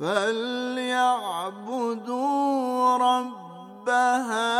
فليعبدوا رب هذا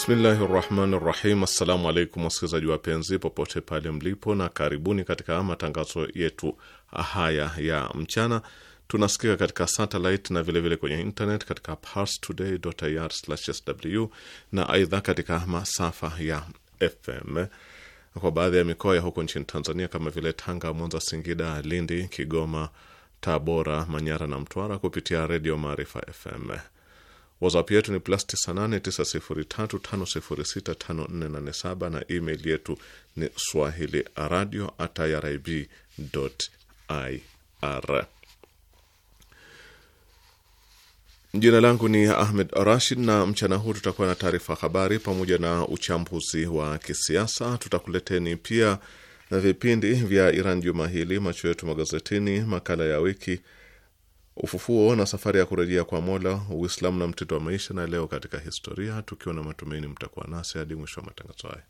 Bismillahi rahmani rahim. Assalamu alaikum wasikilizaji wapenzi popote pale mlipo, na karibuni katika matangazo yetu haya ya mchana. Tunasikika katika satellite na vilevile vile kwenye internet katika parstoday.ir/sw na aidha katika masafa ya FM kwa baadhi ya mikoa ya huko nchini Tanzania kama vile Tanga, Mwanza, Singida, Lindi, Kigoma, Tabora, Manyara na Mtwara kupitia Redio Maarifa FM. WhatsApp yetu ni plus 989035065487 na email yetu ni swahili radio at irib ir. Jina langu ni Ahmed Rashid, na mchana huu tutakuwa na taarifa habari pamoja na uchambuzi wa kisiasa. Tutakuleteni pia vipindi vya Iran juma hili, macho yetu magazetini, makala ya wiki ufufuo na safari ya kurejea kwa Mola, Uislamu na mtindo wa maisha, na leo katika historia, tukiwa na matumaini mtakuwa nasi hadi mwisho wa matangazo haya.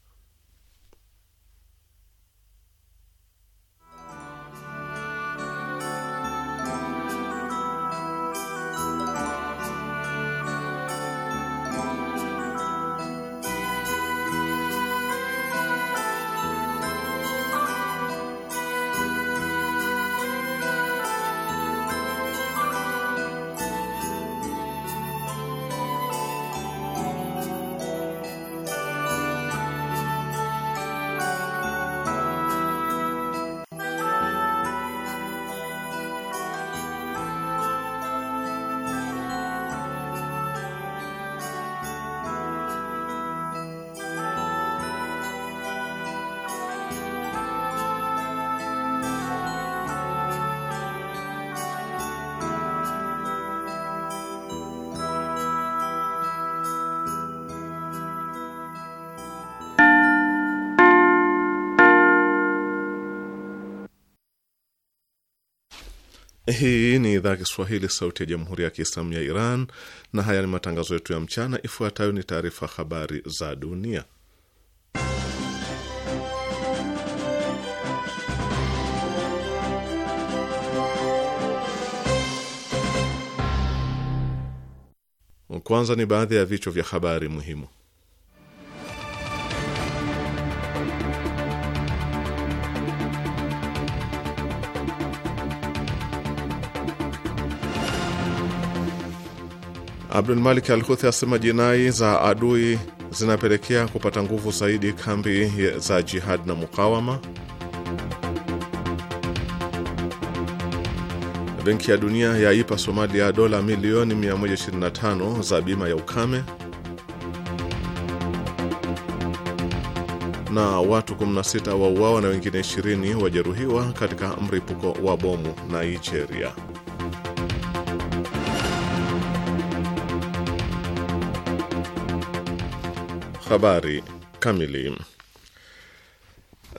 Hii ni idhaa Kiswahili, sauti ya jamhuri ya kiislamu ya Iran, na haya ni matangazo yetu ya mchana. Ifuatayo ni taarifa habari za dunia. Kwanza ni baadhi ya vichwa vya habari muhimu. Abdul Malik Al Huthi asema jinai za adui zinapelekea kupata nguvu zaidi kambi za jihad na mukawama. Benki ya Dunia yaipa Somalia dola milioni 125 za bima ya ukame. Na watu 16 wauawa na wengine 20 wajeruhiwa katika mripuko wa bomu Nigeria. Habari kamili.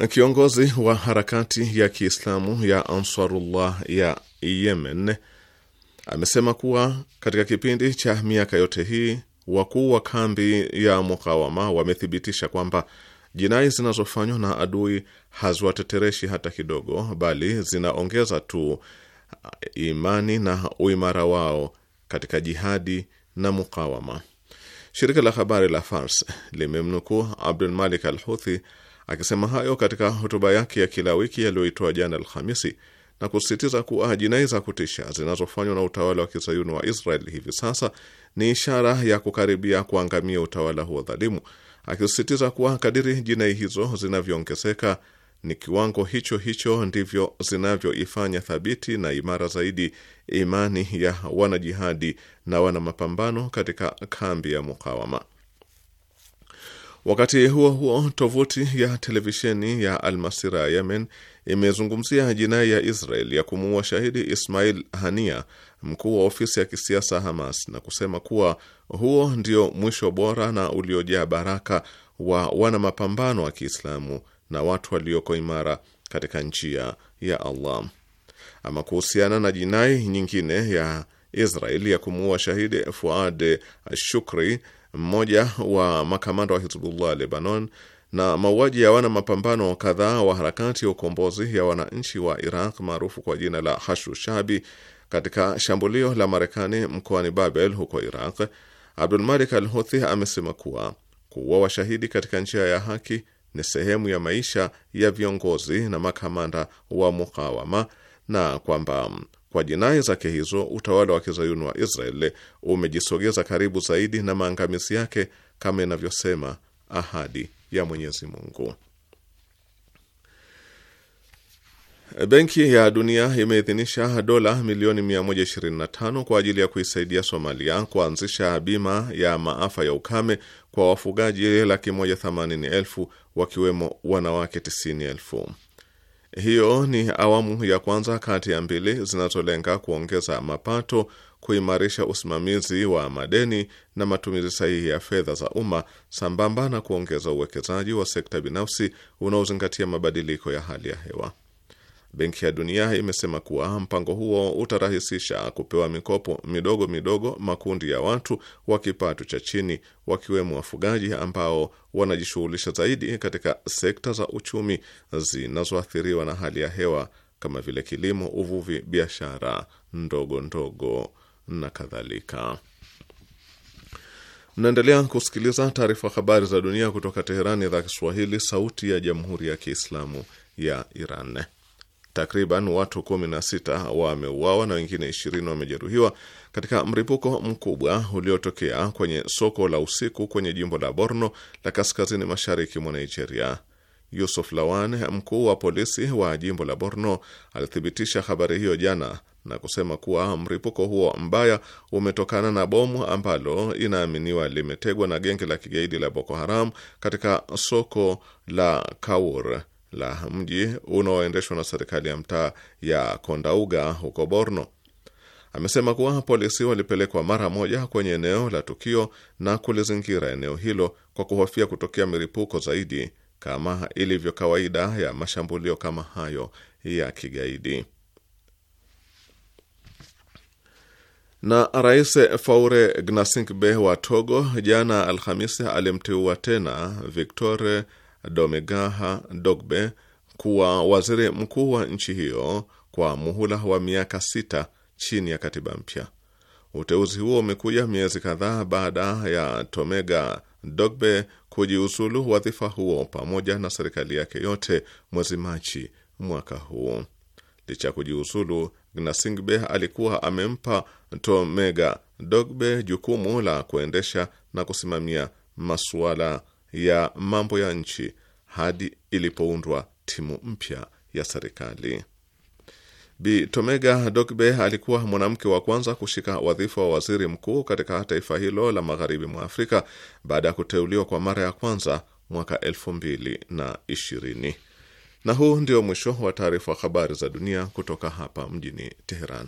Kiongozi wa harakati ya Kiislamu ya Ansarullah ya Yemen amesema kuwa katika kipindi cha miaka yote hii wakuu wa kambi ya mukawama wamethibitisha kwamba jinai zinazofanywa na adui haziwatetereshi hata kidogo, bali zinaongeza tu imani na uimara wao katika jihadi na mukawama. Shirika la habari la Fars limemnukuu Abdul Malik al Huthi akisema hayo katika hotuba yake ya kila wiki yaliyoitoa jana Alhamisi na kusisitiza kuwa jinai za kutisha zinazofanywa na utawala wa kizayuni wa Israel hivi sasa ni ishara ya kukaribia kuangamia utawala huo dhalimu, akisisitiza kuwa kadiri jinai hizo zinavyoongezeka ni kiwango hicho hicho ndivyo zinavyoifanya thabiti na imara zaidi imani ya wanajihadi na wana mapambano katika kambi ya mukawama. Wakati huo huo, tovuti ya televisheni ya Almasira ya Yemen imezungumzia jinai ya Israel ya kumuua shahidi Ismail Hania, mkuu wa ofisi ya kisiasa Hamas, na kusema kuwa huo ndio mwisho bora na uliojaa baraka wa wana mapambano wa Kiislamu na watu walioko imara katika njia ya Allah. Ama kuhusiana na jinai nyingine ya Israel ya kumuua shahidi Fuad Shukri, mmoja wa makamanda wa Hizbullah Lebanon, na mauaji ya wana mapambano kadhaa wa harakati ya ukombozi ya wananchi wa Iraq maarufu kwa jina la Hashu Shabi katika shambulio la Marekani mkoani Babel huko Iraq, Abdulmalik Al Huthi amesema kuwa kuua washahidi katika njia ya haki ni sehemu ya maisha ya viongozi na makamanda wa mukawama na kwamba kwa jinai zake hizo utawala wa kizayuni wa Israeli umejisogeza karibu zaidi na maangamizi yake kama inavyosema ahadi ya Mwenyezi Mungu. Benki ya Dunia imeidhinisha dola milioni 125 kwa ajili ya kuisaidia Somalia kuanzisha bima ya maafa ya ukame kwa wafugaji laki moja themanini elfu wakiwemo wanawake tisini elfu. Hiyo ni awamu ya kwanza kati ya mbili zinazolenga kuongeza mapato, kuimarisha usimamizi wa madeni na matumizi sahihi ya fedha za umma sambamba na kuongeza uwekezaji wa sekta binafsi unaozingatia mabadiliko ya hali ya hewa. Benki ya Dunia imesema kuwa mpango huo utarahisisha kupewa mikopo midogo midogo makundi ya watu wa kipato cha chini, wakiwemo wafugaji ambao wanajishughulisha zaidi katika sekta za uchumi zinazoathiriwa na hali ya hewa kama vile kilimo, uvuvi, biashara ndogo ndogo na kadhalika. Mnaendelea kusikiliza taarifa habari za dunia kutoka Teherani, idhaa Kiswahili, sauti ya jamhuri ya kiislamu ya Iran. Takriban watu kumi na sita wameuawa na wengine ishirini wamejeruhiwa katika mripuko mkubwa uliotokea kwenye soko la usiku kwenye jimbo la Borno la kaskazini mashariki mwa Nigeria. Yusuf Lawan, mkuu wa polisi wa jimbo la Borno, alithibitisha habari hiyo jana na kusema kuwa mripuko huo mbaya umetokana na bomu ambalo inaaminiwa limetegwa na genge la kigaidi la Boko Haram katika soko la Kaur la mji unaoendeshwa na serikali ya mtaa ya Kondauga huko Borno. Amesema kuwa polisi walipelekwa mara moja kwenye eneo la tukio na kulizingira eneo hilo kwa kuhofia kutokea milipuko zaidi kama ilivyo kawaida ya mashambulio kama hayo ya kigaidi. Na Rais Faure Gnassingbe wa Togo jana Alhamisi alimteua tena Victoire Domegaha Dogbe kuwa waziri mkuu wa nchi hiyo kwa muhula wa miaka sita chini ya katiba mpya. Uteuzi huo umekuja miezi kadhaa baada ya Tomega Dogbe kujiuzulu wadhifa huo pamoja na serikali yake yote mwezi Machi mwaka huu. Licha ya kujiuzulu, Gnasingbe alikuwa amempa Tomega Dogbe jukumu la kuendesha na kusimamia masuala ya mambo ya nchi hadi ilipoundwa timu mpya ya serikali. Bi Tomega dogbe alikuwa mwanamke wa kwanza kushika wadhifa wa waziri mkuu katika taifa hilo la magharibi mwa Afrika baada ya kuteuliwa kwa mara ya kwanza mwaka elfu mbili na ishirini. Na huu ndio mwisho wa taarifa habari za dunia kutoka hapa mjini Teheran.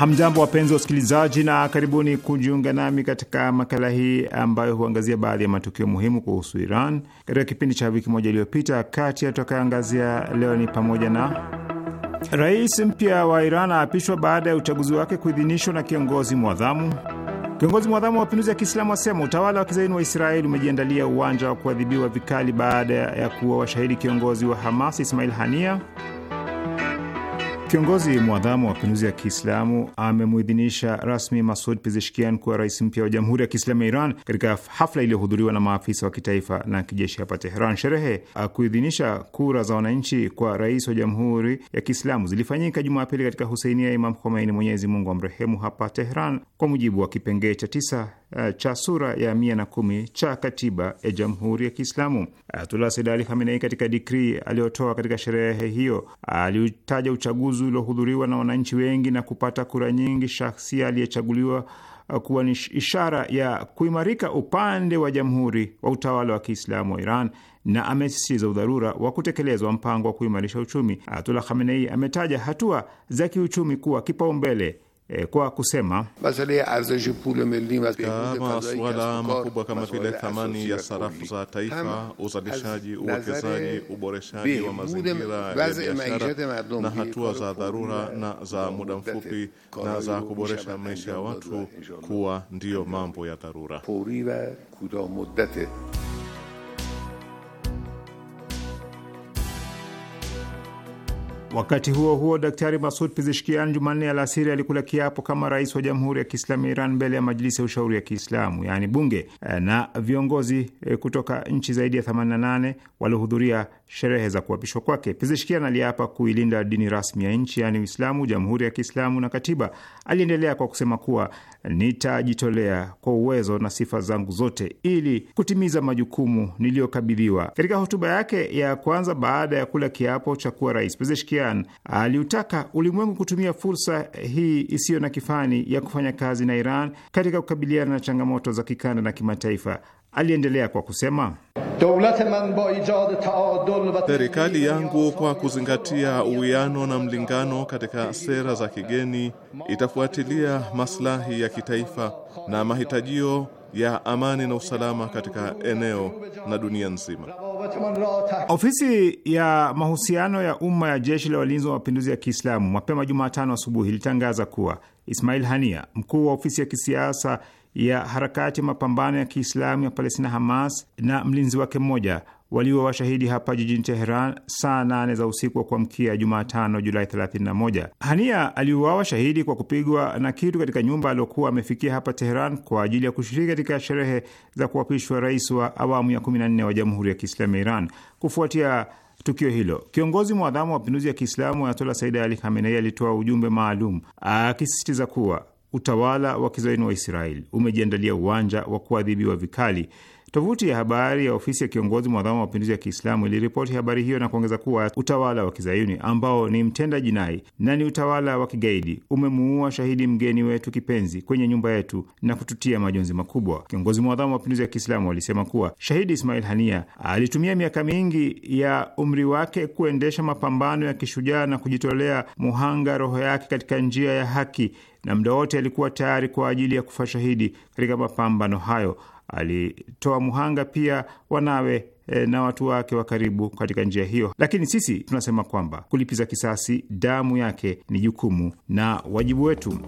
Hamjambo, wapenzi wa usikilizaji, na karibuni kujiunga nami katika makala hii ambayo huangazia baadhi ya matukio muhimu kuhusu Iran katika kipindi cha wiki moja iliyopita. Kati ya tutakayoangazia leo ni pamoja na rais mpya wa Iran aapishwa baada ya uchaguzi wake kuidhinishwa na kiongozi mwadhamu. Kiongozi mwadhamu wa mapinduzi ya Kiislamu asema utawala wa kizaini wa Israeli umejiandalia uwanja wa kuadhibiwa vikali baada ya kuwa washahidi kiongozi wa Hamas Ismail Hania. Kiongozi mwadhamu wa mapinduzi ya Kiislamu amemuidhinisha rasmi Masud Pezeshkian kuwa rais mpya wa Jamhuri ya Kiislamu ya Iran katika hafla iliyohudhuriwa na maafisa wa kitaifa na kijeshi hapa Teheran. Sherehe ah, kuidhinisha kura za wananchi kwa rais wa Jamhuri ya Kiislamu zilifanyika Jumapili katika huseinia ya Imam Khomeini, Mwenyezi Mungu amrehemu, hapa Teheran kwa mujibu wa kipengee cha tisa uh, cha sura ya mia na kumi cha katiba ya Jamhuri ya Kiislamu. Ayatullah Sayyid Ali Khamenei katika dikrii aliyotoa katika sherehe hiyo aliutaja uchaguzi uliohudhuriwa na wananchi wengi na kupata kura nyingi shahsia aliyechaguliwa eh, kuwa ni ishara ya kuimarika upande wa jamhuri wa utawala wa Kiislamu wa Iran na amesisitiza udharura wa kutekelezwa mpango wa kuimarisha uchumi. Ayatullah Khamenei ametaja hatua za kiuchumi kuwa kipaumbele E, kwa kusema kama suala makubwa kama vile thamani ya sarafu za taifa, uzalishaji, uwekezaji, uboreshaji wa mazingira ya biashara na hatua za dharura na za muda mfupi na za kuboresha maisha ya watu kuwa ndiyo mambo ya dharura. Wakati huo huo, Daktari Masud Pizishkian Jumanne alasiri alikula kiapo kama rais wa Jamhuri ya Kiislamu ya Iran mbele ya Majlisi ya Ushauri ya Kiislamu yaani bunge eh, na viongozi eh, kutoka nchi zaidi ya 88 waliohudhuria sherehe za kuapishwa kwake. Pizishkian aliapa kuilinda dini rasmi ya nchi yaani Uislamu, Jamhuri ya Kiislamu na katiba. Aliendelea kwa kusema kuwa nitajitolea kwa uwezo na sifa zangu zote ili kutimiza majukumu niliyokabidhiwa. Katika hotuba yake ya kwanza baada ya kula kiapo cha kuwa rais, Pezeshkian aliutaka ulimwengu kutumia fursa hii isiyo na kifani ya kufanya kazi na Iran katika kukabiliana na changamoto za kikanda na kimataifa. Aliendelea kwa kusema serikali yangu kwa kuzingatia uwiano na mlingano katika sera za kigeni itafuatilia maslahi ya kitaifa na mahitajio ya amani na usalama katika eneo na dunia nzima. Ofisi ya mahusiano ya umma ya jeshi la walinzi wa mapinduzi ya Kiislamu mapema Jumatano asubuhi ilitangaza kuwa Ismail Hania, mkuu wa ofisi ya kisiasa ya harakati mapambano ya Kiislamu ya Palestina Hamas na mlinzi wake mmoja walio washahidi hapa jijini Teheran saa nane za usiku wa kuamkia Jumatano, Julai 31. Hania aliuawa shahidi kwa kupigwa na kitu katika nyumba aliokuwa amefikia hapa Teheran kwa ajili ya kushiriki katika sherehe za kuapishwa rais wa awamu ya 14 wa Jamhuri ya Kiislamu ya Iran. Kufuatia tukio hilo, kiongozi mwadhamu wa mapinduzi ya Kiislamu Ayatola Said Ali Khamenei alitoa ujumbe maalum akisisitiza kuwa utawala wa kizaini wa Israeli umejiandalia uwanja wa kuadhibiwa vikali Tovuti ya habari ya ofisi ya kiongozi mwadhamu wa mapinduzi ya Kiislamu iliripoti habari hiyo na kuongeza kuwa utawala wa kizayuni ambao ni mtenda jinai na ni utawala wa kigaidi umemuua shahidi mgeni wetu kipenzi kwenye nyumba yetu na kututia majonzi makubwa. Kiongozi mwadhamu wa mapinduzi ya Kiislamu alisema kuwa shahidi Ismail Hania alitumia miaka mingi ya umri wake kuendesha mapambano ya kishujaa na kujitolea muhanga roho yake katika njia ya haki na muda wote alikuwa tayari kwa ajili ya kufa shahidi katika mapambano hayo alitoa muhanga pia wanawe e, na watu wake wa karibu katika njia hiyo, lakini sisi tunasema kwamba kulipiza kisasi damu yake ni jukumu na wajibu wetu.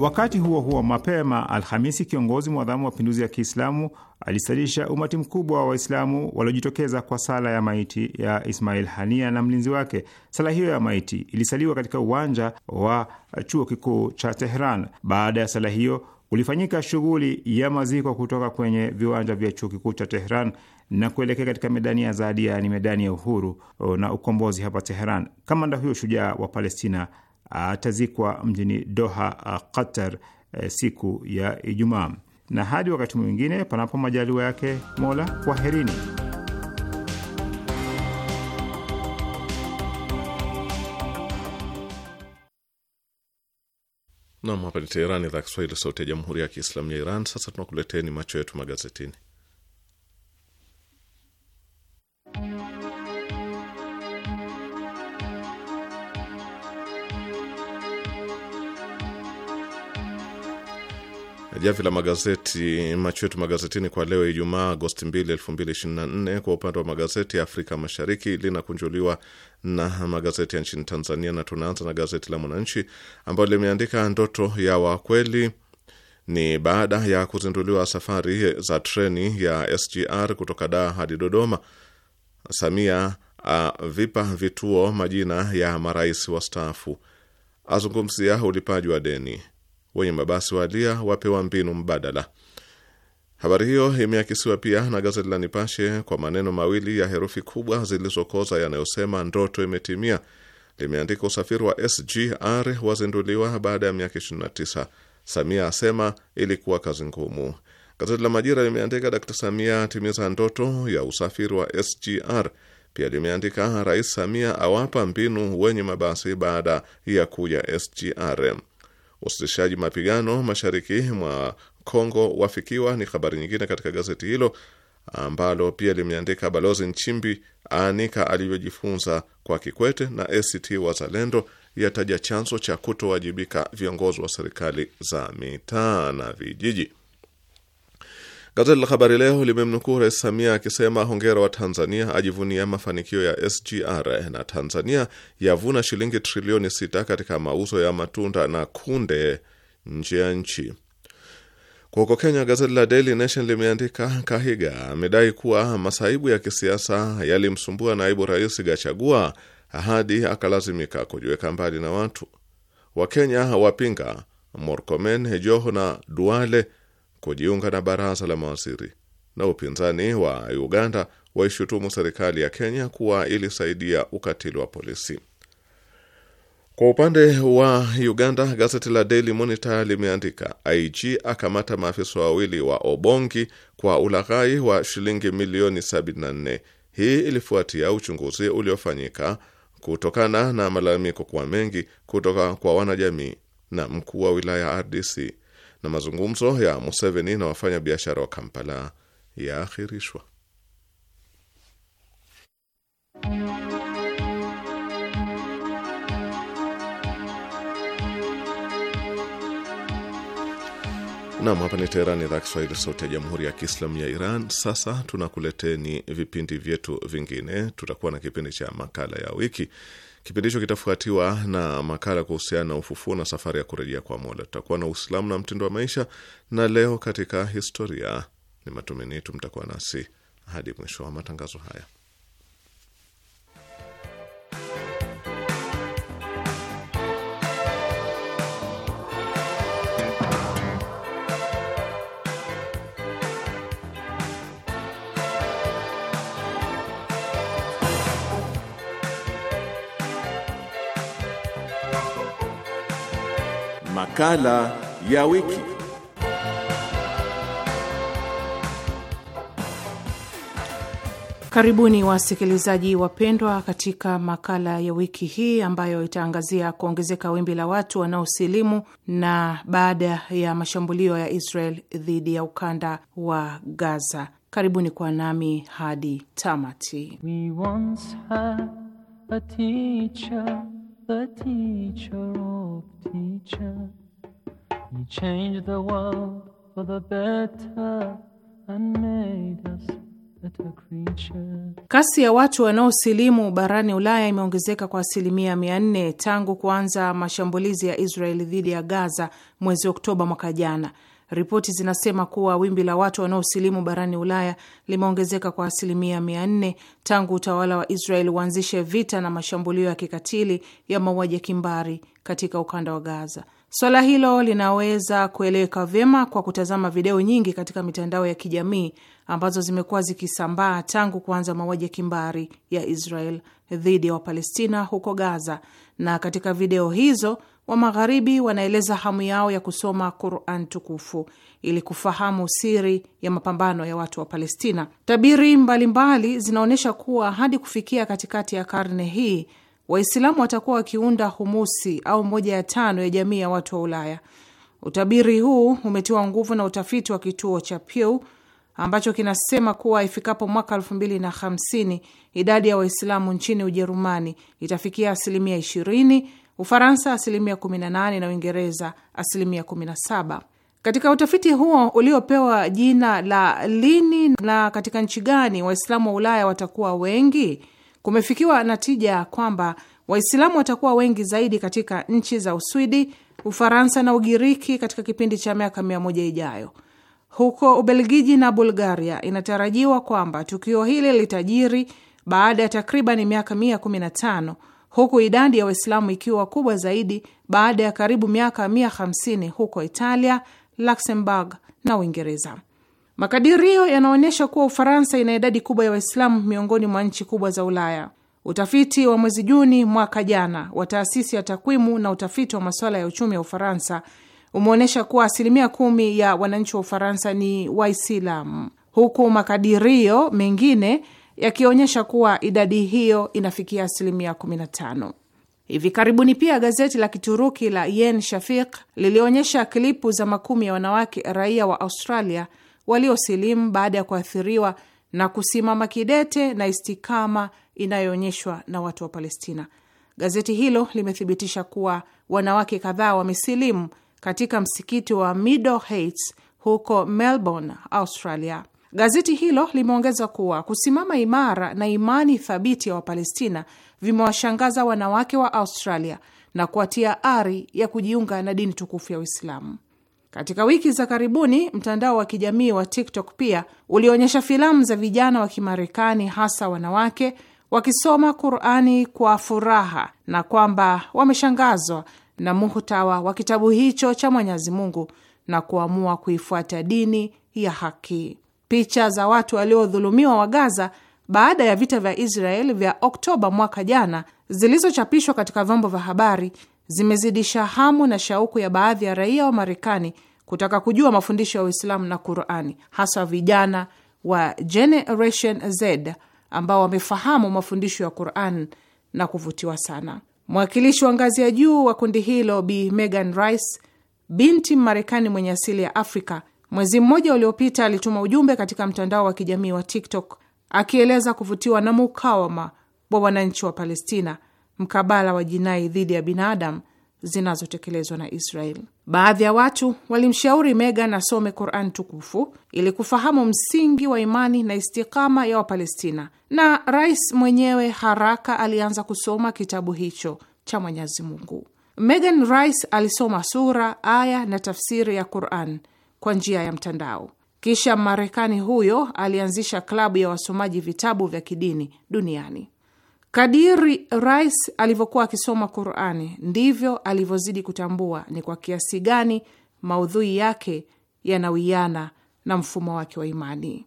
Wakati huo huo, mapema Alhamisi, kiongozi mwadhamu wa mapinduzi ya Kiislamu alisalisha umati mkubwa wa Waislamu waliojitokeza kwa sala ya maiti ya Ismail Hania na mlinzi wake. Sala hiyo ya maiti ilisaliwa katika uwanja wa chuo kikuu cha Tehran. Baada ya sala hiyo kulifanyika shughuli ya maziko kutoka kwenye viwanja vya chuo kikuu cha Tehran na kuelekea katika medani ya Azadi, yaani medani ya uhuru oh, na ukombozi hapa Teheran. Kamanda huyo shujaa wa Palestina atazikwa mjini Doha, Qatar, eh, siku ya Ijumaa na hadi wakati mwingine, panapo majaliwa yake Mola, kwaherini. Nam, hapa ni Teherani, idhaa Kiswahili, sauti ya jamhuri ya kiislamu ya Iran. Sasa tunakuleteni macho yetu magazetini. Jamvi la magazeti, macho yetu magazetini kwa leo Ijumaa Agosti 2, 2024. Kwa upande wa magazeti ya Afrika Mashariki linakunjuliwa na magazeti ya nchini Tanzania, na tunaanza na gazeti la Mwananchi ambayo limeandika ndoto ya wakweli ni baada ya kuzinduliwa safari za treni ya SGR kutoka Dar hadi Dodoma. Samia avipa vipa vituo majina ya marais wastaafu, azungumzia ulipaji wa deni wenye mabasi walia wapewa mbinu mbadala. Habari hiyo imeakisiwa pia na gazeti la Nipashe kwa maneno mawili ya herufi kubwa zilizokoza yanayosema ndoto imetimia. Limeandika usafiri wa SGR wazinduliwa baada ya miaka 29. Samia asema ilikuwa kazi ngumu. Gazeti la Majira limeandika Dkt Samia atimiza ndoto ya usafiri wa SGR. Pia limeandika Rais Samia awapa mbinu wenye mabasi baada ya kuja SGR. Usitishaji mapigano mashariki mwa Kongo wafikiwa ni habari nyingine katika gazeti hilo ambalo pia limeandika Balozi Nchimbi aanika alivyojifunza kwa Kikwete na ACT Wazalendo yataja chanzo cha kutowajibika viongozi wa serikali za mitaa na vijiji. Gazeti la Habari Leo limemnukuu Rais Samia akisema hongera wa Tanzania ajivunia mafanikio ya SGR na Tanzania yavuna shilingi trilioni sita katika mauzo ya matunda na kunde nje ya nchi. Kwa huko Kenya, gazeti la Daily Nation limeandika Kahiga amedai kuwa masaibu ya kisiasa yalimsumbua naibu rais Gachagua hadi akalazimika kujiweka mbali na watu. Wakenya wapinga morcomen Joho na Duale kujiunga na baraza la mawaziri, na upinzani wa Uganda waishutumu serikali ya Kenya kuwa ilisaidia ukatili wa polisi. Kwa upande wa Uganda, gazeti la Daily Monitor limeandika IG akamata maafisa wawili wa Obongi kwa ulaghai wa shilingi milioni 74. Hii ilifuatia uchunguzi uliofanyika kutokana na malalamiko kwa mengi kutoka kwa wanajamii na mkuu wa wilaya RDC na mazungumzo ya Museveni na wafanyabiashara wa Kampala yaakhirishwa. Nam, hapa ni Teherani, idhaa Kiswahili, sauti ya jamhuri ya kiislamu ya Iran. Sasa tunakuleteni vipindi vyetu vingine. Tutakuwa na kipindi cha makala ya wiki Kipindi hicho kitafuatiwa na makala kuhusiana na ufufuo na safari ya kurejea kwa Mola. Tutakuwa na Uislamu na mtindo wa maisha, na leo katika historia. Ni matumaini yetu mtakuwa nasi hadi mwisho wa matangazo haya. Makala ya wiki. Karibuni wasikilizaji wapendwa, katika makala ya wiki hii ambayo itaangazia kuongezeka wimbi la watu wanaosilimu na baada ya mashambulio ya Israel dhidi ya ukanda wa Gaza. Karibuni kwa nami hadi tamati. We once had a teacher, a teacher of teachers. He changed the world for the better and made us Kasi ya watu wanaosilimu barani Ulaya imeongezeka kwa asilimia 400 tangu kuanza mashambulizi ya Israeli dhidi ya Gaza mwezi Oktoba mwaka jana. Ripoti zinasema kuwa wimbi la watu wanaosilimu barani Ulaya limeongezeka kwa asilimia 400 tangu utawala wa Israel uanzishe vita na mashambulio ya kikatili ya mauaji ya kimbari katika ukanda wa Gaza. Swala hilo linaweza kueleweka vyema kwa kutazama video nyingi katika mitandao ya kijamii ambazo zimekuwa zikisambaa tangu kuanza mauaji ya kimbari ya Israel dhidi ya Wapalestina huko Gaza, na katika video hizo wa Magharibi wanaeleza hamu yao ya kusoma Quran tukufu ili kufahamu siri ya mapambano ya watu wa Palestina. Tabiri mbalimbali zinaonyesha kuwa hadi kufikia katikati ya karne hii Waislamu watakuwa wakiunda humusi au moja ya tano ya jamii ya watu wa Ulaya. Utabiri huu umetiwa nguvu na utafiti wa kituo cha Pew ambacho kinasema kuwa ifikapo mwaka hamsini idadi ya Waislamu nchini Ujerumani itafikia asilimia ishirini, Ufaransa asilimia kumi na Uingereza asilimia saba. Katika utafiti huo uliopewa jina la lini na katika nchi gani Waislamu wa Ulaya watakuwa wengi kumefikiwa natija kwamba Waislamu watakuwa wengi zaidi katika nchi za Uswidi, Ufaransa na Ugiriki katika kipindi cha miaka mia moja ijayo. Huko Ubelgiji na Bulgaria inatarajiwa kwamba tukio hili litajiri baada ya takriban miaka mia kumi na tano huku idadi ya Waislamu ikiwa kubwa zaidi baada ya karibu miaka mia hamsini huko Italia, Luxembourg na Uingereza. Makadirio yanaonyesha kuwa Ufaransa ina idadi kubwa ya Waislamu miongoni mwa nchi kubwa za Ulaya. Utafiti wa mwezi Juni mwaka jana wa taasisi ya takwimu na utafiti wa masuala ya uchumi ya Ufaransa umeonyesha kuwa asilimia kumi ya wananchi wa Ufaransa ni Waislamu, huku makadirio mengine yakionyesha kuwa idadi hiyo inafikia asilimia 15. Hivi karibuni pia gazeti la Kituruki la Yen Shafik lilionyesha klipu za makumi ya wanawake raia wa Australia waliosilimu baada ya kuathiriwa na kusimama kidete na istikama inayoonyeshwa na watu wa Palestina. Gazeti hilo limethibitisha kuwa wanawake kadhaa wamesilimu katika msikiti wa Middle Heights huko Melbourne, Australia. Gazeti hilo limeongeza kuwa kusimama imara na imani thabiti ya Wapalestina vimewashangaza wanawake wa Australia na kuwatia ari ya kujiunga na dini tukufu ya Uislamu. Katika wiki za karibuni, mtandao wa kijamii wa TikTok pia ulionyesha filamu za vijana wa Kimarekani, hasa wanawake wakisoma Qurani kwa furaha na kwamba wameshangazwa na muhtawa wa kitabu hicho cha Mwenyezi Mungu na kuamua kuifuata dini ya haki. Picha za watu waliodhulumiwa wa Gaza baada ya vita vya Israeli vya Oktoba mwaka jana zilizochapishwa katika vyombo vya habari zimezidisha hamu na shauku ya baadhi ya raia wa Marekani kutaka kujua mafundisho ya Uislamu na Qurani, hasa vijana wa Generation Z ambao wamefahamu mafundisho ya Quran na kuvutiwa sana. Mwakilishi wa ngazi ya juu wa kundi hilo Bi Megan Rice, binti Mmarekani mwenye asili ya Afrika, mwezi mmoja uliopita alituma ujumbe katika mtandao wa kijamii wa TikTok akieleza kuvutiwa na mukawama wa wananchi wa Palestina mkabala wa jinai dhidi ya binadamu zinazotekelezwa na Israel. Baadhi ya watu walimshauri Megan asome Quran tukufu ili kufahamu msingi wa imani na istikama ya Wapalestina, na rais mwenyewe haraka alianza kusoma kitabu hicho cha Mwenyezi Mungu. Megan Rice alisoma sura, aya na tafsiri ya Quran kwa njia ya mtandao. Kisha Marekani huyo alianzisha klabu ya wasomaji vitabu vya kidini duniani. Kadiri rais alivyokuwa akisoma Qurani ndivyo alivyozidi kutambua ni kwa kiasi gani maudhui yake yanawiana na mfumo wake wa imani.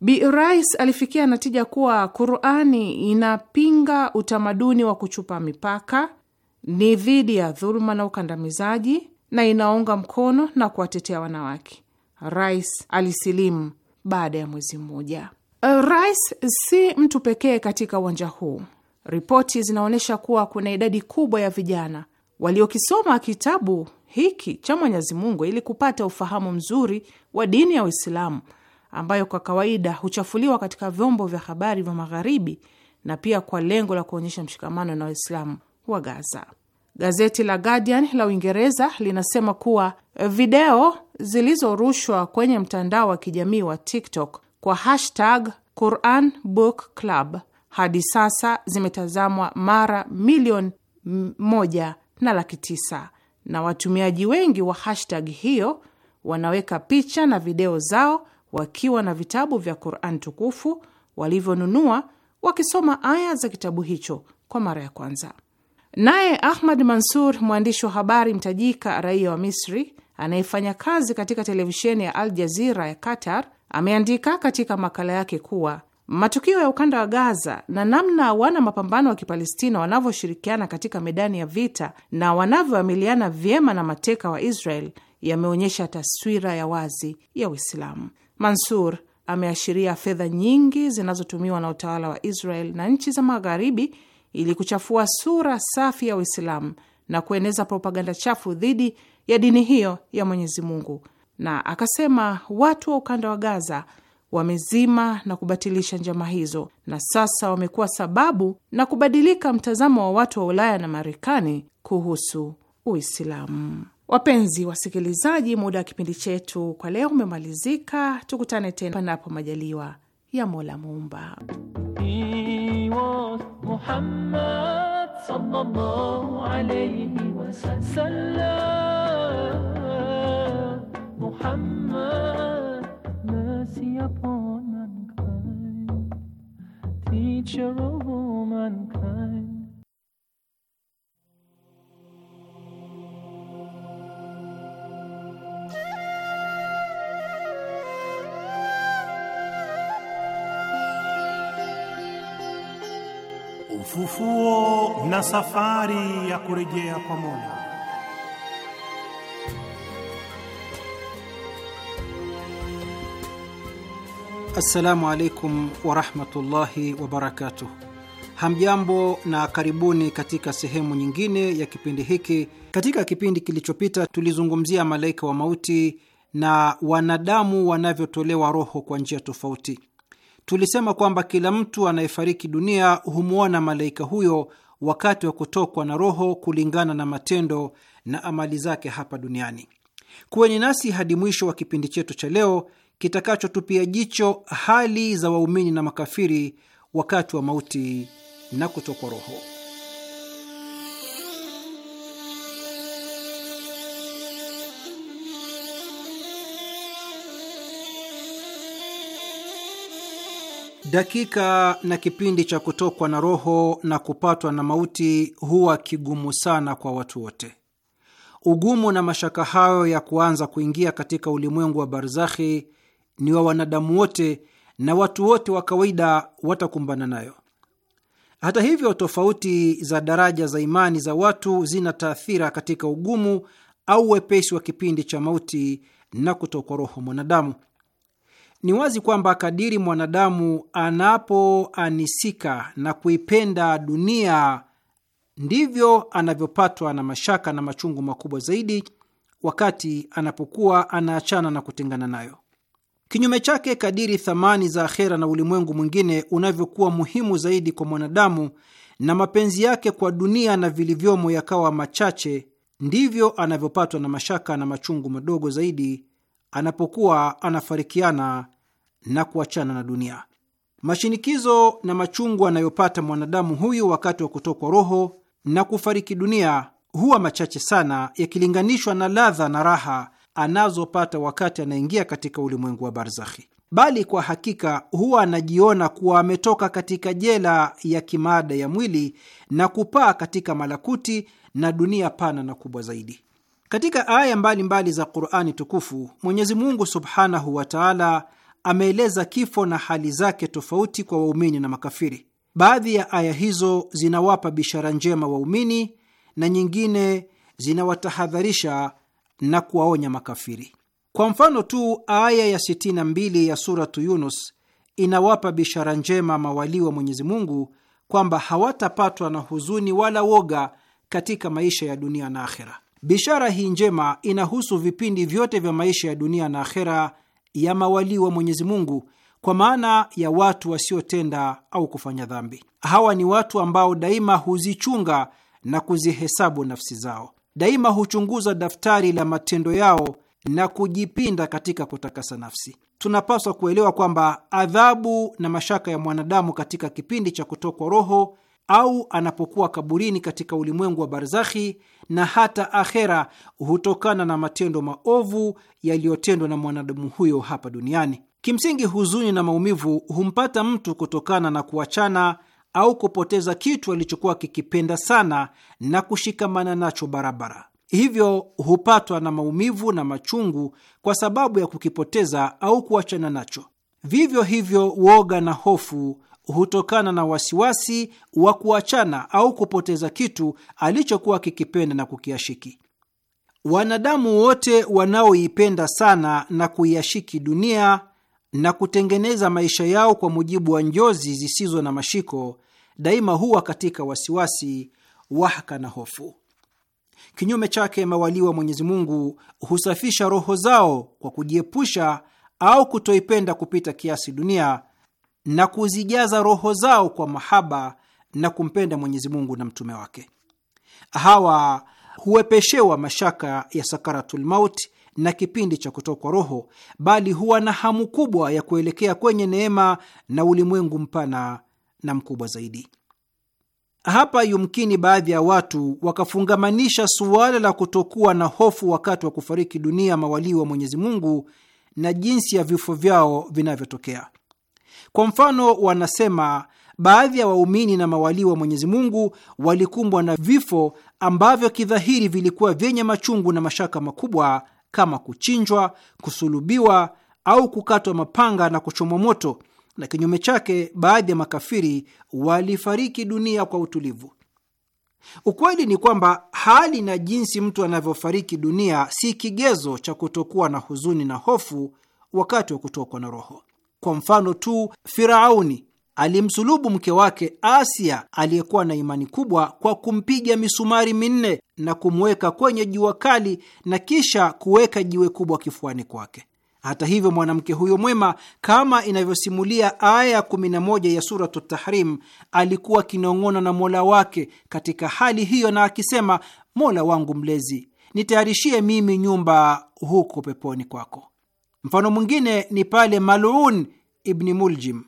Bi Rais alifikia natija kuwa Qurani inapinga utamaduni wa kuchupa mipaka, ni dhidi ya dhuluma na ukandamizaji, na inaunga mkono na kuwatetea wanawake. Rais alisilimu baada ya mwezi mmoja. Rais si mtu pekee katika uwanja huu. Ripoti zinaonyesha kuwa kuna idadi kubwa ya vijana waliokisoma kitabu hiki cha Mwenyezi Mungu ili kupata ufahamu mzuri wa dini ya Uislamu ambayo kwa kawaida huchafuliwa katika vyombo vya habari vya Magharibi na pia kwa lengo la kuonyesha mshikamano na Waislamu wa Gaza. Gazeti la Guardian la Uingereza linasema kuwa video zilizorushwa kwenye mtandao wa kijamii wa TikTok kwa hashtag Quran Book Club hadi sasa zimetazamwa mara milioni moja na laki tisa na watumiaji wengi wa hashtag hiyo wanaweka picha na video zao wakiwa na vitabu vya Quran tukufu walivyonunua wakisoma aya za kitabu hicho kwa mara ya kwanza. Naye Ahmad Mansur, mwandishi wa habari mtajika, raia wa Misri anayefanya kazi katika televisheni ya Al Jazira ya Qatar, ameandika katika makala yake kuwa Matukio ya ukanda wa Gaza na namna wana mapambano wa Kipalestina wanavyoshirikiana katika medani ya vita na wanavyoamiliana vyema na mateka wa Israel yameonyesha taswira ya wazi ya Uislamu. Mansur ameashiria fedha nyingi zinazotumiwa na utawala wa Israel na nchi za Magharibi ili kuchafua sura safi ya Uislamu na kueneza propaganda chafu dhidi ya dini hiyo ya Mwenyezi Mungu, na akasema watu wa ukanda wa Gaza wamezima na kubatilisha njama hizo, na sasa wamekuwa sababu na kubadilika mtazamo wa watu wa Ulaya na Marekani kuhusu Uislamu. Wapenzi wasikilizaji, muda wa kipindi chetu kwa leo umemalizika. Tukutane tena panapo majaliwa ya Mola Muumba. Muhammad upon mankind, teacher of all mankind. Ufufuo na safari ya kurejea kwa Mola. Assalamu alaikum warahmatullahi wabarakatuh. Hamjambo na karibuni katika sehemu nyingine ya kipindi hiki. Katika kipindi kilichopita, tulizungumzia malaika wa mauti na wanadamu wanavyotolewa roho kwa njia tofauti. Tulisema kwamba kila mtu anayefariki dunia humwona malaika huyo wakati wa kutokwa na roho kulingana na matendo na amali zake hapa duniani. Kuweni nasi hadi mwisho wa kipindi chetu cha leo kitakachotupia jicho hali za waumini na makafiri wakati wa mauti na kutokwa roho. Dakika na kipindi cha kutokwa na roho na kupatwa na mauti huwa kigumu sana kwa watu wote. Ugumu na mashaka hayo ya kuanza kuingia katika ulimwengu wa barzakhi ni wa wanadamu wote na watu wote wa kawaida watakumbana nayo. Hata hivyo, tofauti za daraja za imani za watu zina taathira katika ugumu au wepesi wa kipindi cha mauti na kutokwa roho mwanadamu. Ni wazi kwamba kadiri mwanadamu anapoanisika na kuipenda dunia ndivyo anavyopatwa na mashaka na machungu makubwa zaidi wakati anapokuwa anaachana na kutengana nayo. Kinyume chake, kadiri thamani za akhera na ulimwengu mwingine unavyokuwa muhimu zaidi kwa mwanadamu na mapenzi yake kwa dunia na vilivyomo yakawa machache, ndivyo anavyopatwa na mashaka na machungu madogo zaidi anapokuwa anafarikiana na kuachana na dunia. Mashinikizo na machungu anayopata mwanadamu huyu wakati wa kutokwa roho na kufariki dunia huwa machache sana yakilinganishwa na ladha na raha anazopata wakati anaingia katika ulimwengu wa barzakhi, bali kwa hakika huwa anajiona kuwa ametoka katika jela ya kimaada ya mwili na kupaa katika malakuti na dunia pana na kubwa zaidi. Katika aya mbalimbali mbali za Qurani Tukufu, Mwenyezi Mungu subhanahu wa taala ameeleza kifo na hali zake tofauti kwa waumini na makafiri. Baadhi ya aya hizo zinawapa bishara njema waumini na nyingine zinawatahadharisha na kuwaonya makafiri. Kwa mfano tu, aya ya 62 ya suratu Yunus inawapa bishara njema mawalii wa Mwenyezi Mungu kwamba hawatapatwa na huzuni wala woga katika maisha ya dunia na akhera. Bishara hii njema inahusu vipindi vyote vya maisha ya dunia na akhera ya mawalii wa Mwenyezi Mungu, kwa maana ya watu wasiotenda au kufanya dhambi. Hawa ni watu ambao daima huzichunga na kuzihesabu nafsi zao daima huchunguza daftari la matendo yao na kujipinda katika kutakasa nafsi. Tunapaswa kuelewa kwamba adhabu na mashaka ya mwanadamu katika kipindi cha kutokwa roho au anapokuwa kaburini katika ulimwengu wa barzakhi na hata akhera hutokana na matendo maovu yaliyotendwa na mwanadamu huyo hapa duniani. Kimsingi, huzuni na maumivu humpata mtu kutokana na kuachana au kupoteza kitu alichokuwa kikipenda sana na kushikamana nacho barabara. Hivyo hupatwa na maumivu na machungu kwa sababu ya kukipoteza au kuachana nacho. Vivyo hivyo, woga na hofu hutokana na wasiwasi wa kuachana au kupoteza kitu alichokuwa kikipenda na kukiashiki. Wanadamu wote wanaoipenda sana na kuiashiki dunia na kutengeneza maisha yao kwa mujibu wa njozi zisizo na mashiko, daima huwa katika wasiwasi, wahaka na hofu. Kinyume chake, mawalii wa Mwenyezi Mungu husafisha roho zao kwa kujiepusha au kutoipenda kupita kiasi dunia na kuzijaza roho zao kwa mahaba na kumpenda Mwenyezi Mungu na mtume wake. Hawa huwepeshewa mashaka ya sakaratul mauti na kipindi cha kutokwa roho, bali huwa na hamu kubwa ya kuelekea kwenye neema na ulimwengu mpana na mkubwa zaidi. Hapa yumkini baadhi ya watu wakafungamanisha suala la kutokuwa na hofu wakati wa kufariki dunia mawalii wa Mwenyezi Mungu na jinsi ya vifo vyao vinavyotokea. Kwa mfano, wanasema baadhi ya waumini na mawalii wa Mwenyezi Mungu walikumbwa na vifo ambavyo kidhahiri vilikuwa vyenye machungu na mashaka makubwa kama kuchinjwa, kusulubiwa au kukatwa mapanga na kuchomwa moto, na kinyume chake baadhi ya makafiri walifariki dunia kwa utulivu. Ukweli ni kwamba hali na jinsi mtu anavyofariki dunia si kigezo cha kutokuwa na huzuni na hofu wakati wa kutokwa na roho. Kwa mfano tu, Firauni alimsulubu mke wake Asia aliyekuwa na imani kubwa kwa kumpiga misumari minne na kumweka kwenye jua kali na kisha kuweka jiwe kubwa kifuani kwake. Hata hivyo, mwanamke huyo mwema, kama inavyosimulia aya ya 11 ya Suratu Tahrim, alikuwa akinong'ona na mola wake katika hali hiyo na akisema: Mola wangu mlezi, nitayarishie mimi nyumba huko peponi kwako. Mfano mwingine ni pale Malun Ibni Muljim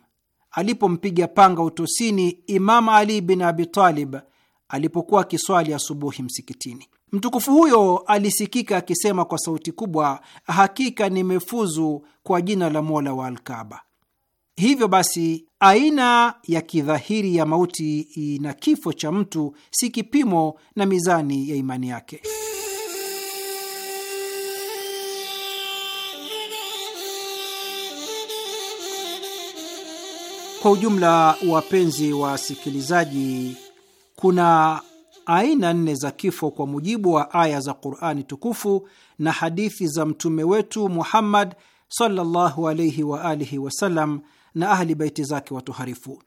alipompiga panga utosini Imam Ali bin Abi Talib alipokuwa akiswali asubuhi msikitini. Mtukufu huyo alisikika akisema kwa sauti kubwa, hakika nimefuzu kwa jina la Mola wa Alkaba. Hivyo basi, aina ya kidhahiri ya mauti na kifo cha mtu si kipimo na mizani ya imani yake. Kwa ujumla, wapenzi sikilizaji, kuna aina nne za kifo kwa mujibu wa aya za Qurani tukufu na hadithi za mtume wetu Muhammad sallallahu wa alihi wasallam na ahli baiti zake watoharifu.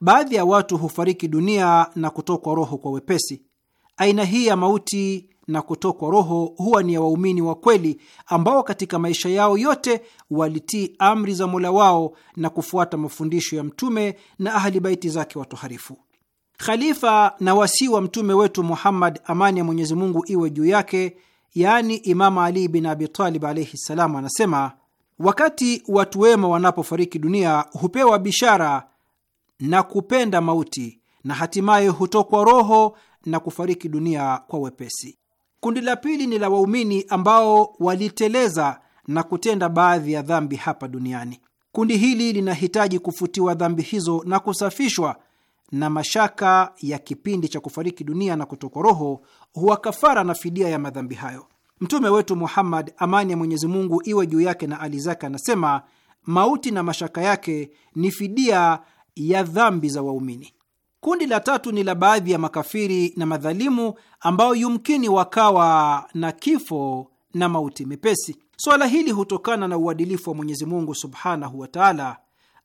Baadhi ya watu hufariki dunia na kutokwa roho kwa wepesi. Aina hii ya mauti na kutokwa roho huwa ni ya waumini wa kweli ambao katika maisha yao yote walitii amri za Mola wao na kufuata mafundisho ya Mtume na ahli baiti zake watoharifu. Khalifa na wasii wa mtume wetu Muhammad, amani ya Mwenyezi Mungu iwe juu yake, yaani Imamu Ali bin Abi Talib alaihi ssalam, anasema wakati watu wema wanapofariki dunia hupewa bishara na kupenda mauti na hatimaye hutokwa roho na kufariki dunia kwa wepesi. Kundi la pili ni la waumini ambao waliteleza na kutenda baadhi ya dhambi hapa duniani. Kundi hili linahitaji kufutiwa dhambi hizo na kusafishwa, na mashaka ya kipindi cha kufariki dunia na kutokwa roho huwa kafara na fidia ya madhambi hayo. Mtume wetu Muhammad, amani ya Mwenyezi Mungu iwe juu yake na ali zake, anasema mauti na mashaka yake ni fidia ya dhambi za waumini. Kundi la tatu ni la baadhi ya makafiri na madhalimu ambao yumkini wakawa na kifo na mauti mepesi. Suala hili hutokana na uadilifu wa Mwenyezi Mungu subhanahu wa taala,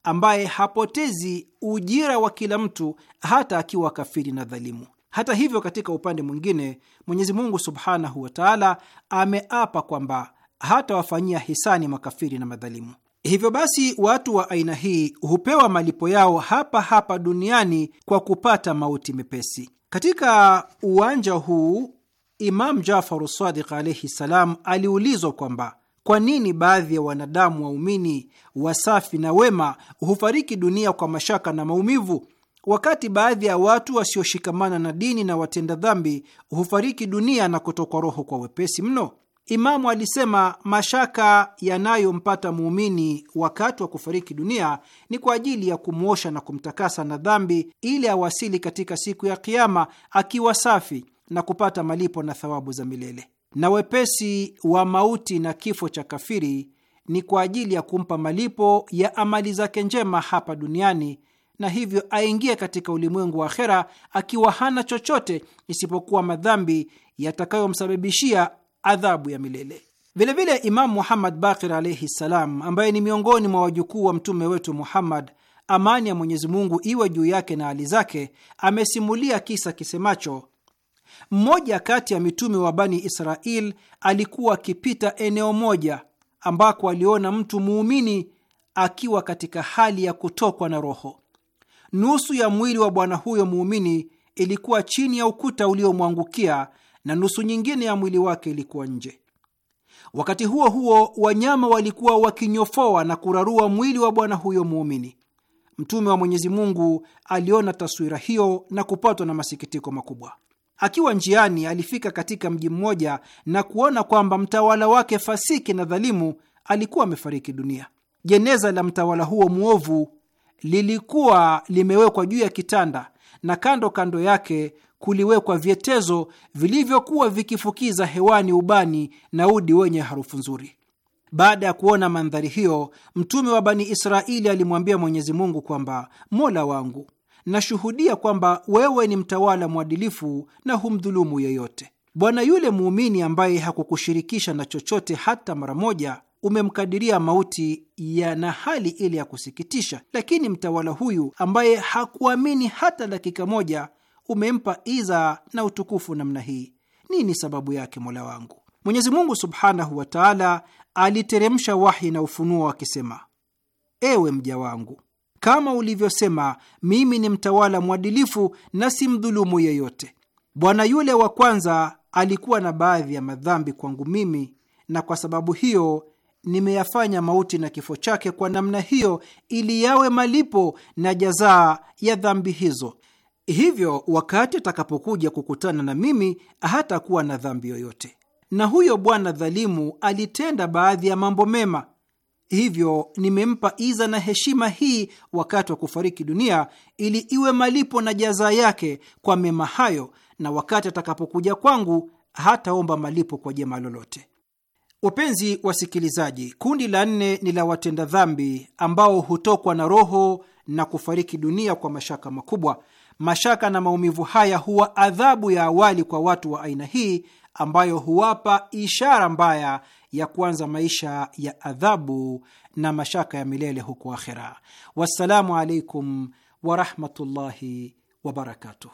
ambaye hapotezi ujira wa kila mtu hata akiwa kafiri na dhalimu. Hata hivyo, katika upande mwingine, Mwenyezi Mungu subhanahu wa taala ameapa kwamba hatawafanyia hisani makafiri na madhalimu. Hivyo basi watu wa aina hii hupewa malipo yao hapa hapa duniani kwa kupata mauti mepesi. Katika uwanja huu, Imam Jafaru Sadiq alaihi salam aliulizwa kwamba kwa nini baadhi ya wanadamu waumini wasafi na wema hufariki dunia kwa mashaka na maumivu, wakati baadhi ya watu wasioshikamana na dini na watenda dhambi hufariki dunia na kutokwa roho kwa wepesi mno? Imamu alisema mashaka yanayompata muumini wakati wa kufariki dunia ni kwa ajili ya kumwosha na kumtakasa na dhambi, ili awasili katika siku ya Kiama akiwa safi na kupata malipo na thawabu za milele. Na wepesi wa mauti na kifo cha kafiri ni kwa ajili ya kumpa malipo ya amali zake njema hapa duniani na hivyo aingie katika ulimwengu wa akhera akiwa hana chochote isipokuwa madhambi yatakayomsababishia adhabu ya milele. Vilevile Imamu Muhammad Bakir alaihi ssalam, ambaye ni miongoni mwa wajukuu wa mtume wetu Muhammad, amani ya Mwenyezi Mungu iwe juu yake na hali zake, amesimulia kisa kisemacho mmoja kati ya mitume wa Bani Israel alikuwa akipita eneo moja ambako aliona mtu muumini akiwa katika hali ya kutokwa na roho. Nusu ya mwili wa bwana huyo muumini ilikuwa chini ya ukuta uliomwangukia na nusu nyingine ya mwili wake ilikuwa nje. Wakati huo huo, wanyama walikuwa wakinyofoa na kurarua mwili wa bwana huyo muumini. Mtume wa Mwenyezi Mungu aliona taswira hiyo na kupatwa na masikitiko makubwa. Akiwa njiani, alifika katika mji mmoja na kuona kwamba mtawala wake fasiki na dhalimu alikuwa amefariki dunia. Jeneza la mtawala huo mwovu lilikuwa limewekwa juu ya kitanda na kando kando yake kuliwekwa vyetezo vilivyokuwa vikifukiza hewani ubani na udi wenye harufu nzuri. Baada ya kuona mandhari hiyo, mtume wa Bani Israeli alimwambia Mwenyezi Mungu kwamba mola wangu, nashuhudia kwamba wewe ni mtawala mwadilifu na humdhulumu yeyote. Bwana yule muumini ambaye hakukushirikisha na chochote hata mara moja umemkadiria mauti yana hali ile ya kusikitisha, lakini mtawala huyu ambaye hakuamini hata dakika moja umempa iza na utukufu namna hii? Nini sababu yake, mola wangu? Mwenyezi Mungu subhanahu wa taala aliteremsha wahi na ufunuo akisema: ewe mja wangu, kama ulivyosema, mimi ni mtawala mwadilifu na si mdhulumu yeyote. Bwana yule wa kwanza alikuwa na baadhi ya madhambi kwangu mimi, na kwa sababu hiyo nimeyafanya mauti na kifo chake kwa namna hiyo, ili yawe malipo na jazaa ya dhambi hizo Hivyo wakati atakapokuja kukutana na mimi hatakuwa na dhambi yoyote. Na huyo bwana dhalimu alitenda baadhi ya mambo mema, hivyo nimempa iza na heshima hii wakati wa kufariki dunia, ili iwe malipo na jazaa yake kwa mema hayo, na wakati atakapokuja kwangu hataomba malipo kwa jema lolote. Wapenzi wasikilizaji, kundi la nne ni la watenda dhambi ambao hutokwa na roho na kufariki dunia kwa mashaka makubwa Mashaka na maumivu haya huwa adhabu ya awali kwa watu wa aina hii, ambayo huwapa ishara mbaya ya kuanza maisha ya adhabu na mashaka ya milele huko akhera. Wassalamu alaikum warahmatullahi wabarakatuh.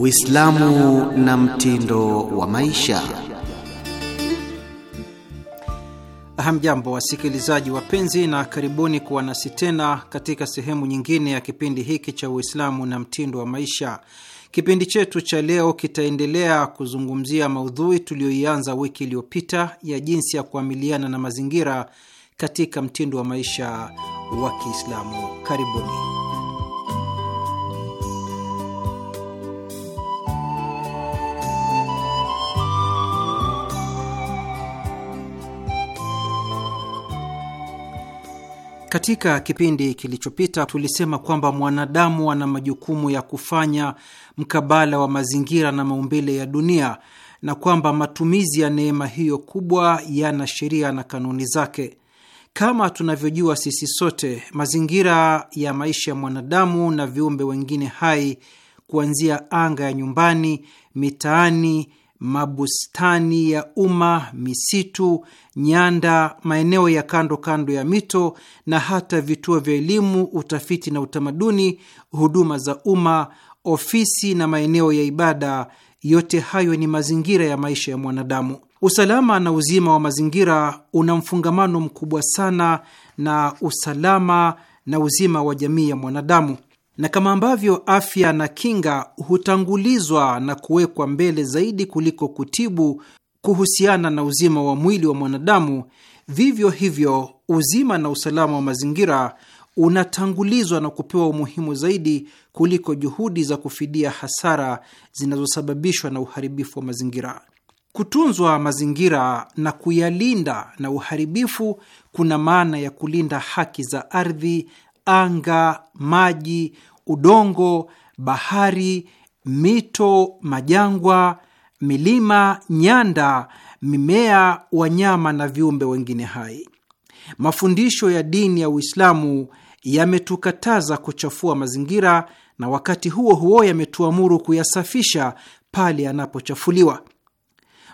Uislamu na mtindo wa maisha. Hamjambo wasikilizaji wapenzi, na karibuni kuwa nasi tena katika sehemu nyingine ya kipindi hiki cha Uislamu na mtindo wa maisha. Kipindi chetu cha leo kitaendelea kuzungumzia maudhui tuliyoianza wiki iliyopita ya jinsi ya kuamiliana na mazingira katika mtindo wa maisha wa Kiislamu. Karibuni. Katika kipindi kilichopita tulisema kwamba mwanadamu ana majukumu ya kufanya mkabala wa mazingira na maumbile ya dunia na kwamba matumizi ya neema hiyo kubwa yana sheria na kanuni zake. Kama tunavyojua sisi sote, mazingira ya maisha ya mwanadamu na viumbe wengine hai, kuanzia anga ya nyumbani, mitaani, mabustani ya umma, misitu, nyanda, maeneo ya kando kando ya mito na hata vituo vya elimu, utafiti na utamaduni, huduma za umma, ofisi na maeneo ya ibada. Yote hayo ni mazingira ya maisha ya mwanadamu. Usalama na uzima wa mazingira una mfungamano mkubwa sana na usalama na uzima wa jamii ya mwanadamu na kama ambavyo afya na kinga hutangulizwa na kuwekwa mbele zaidi kuliko kutibu kuhusiana na uzima wa mwili wa mwanadamu, vivyo hivyo uzima na usalama wa mazingira unatangulizwa na kupewa umuhimu zaidi kuliko juhudi za kufidia hasara zinazosababishwa na uharibifu wa mazingira. Kutunzwa mazingira na kuyalinda na uharibifu kuna maana ya kulinda haki za ardhi, anga, maji, udongo, bahari, mito, majangwa, milima, nyanda, mimea, wanyama na viumbe wengine hai. Mafundisho ya dini ya Uislamu yametukataza kuchafua mazingira na wakati huo huo yametuamuru kuyasafisha pale yanapochafuliwa.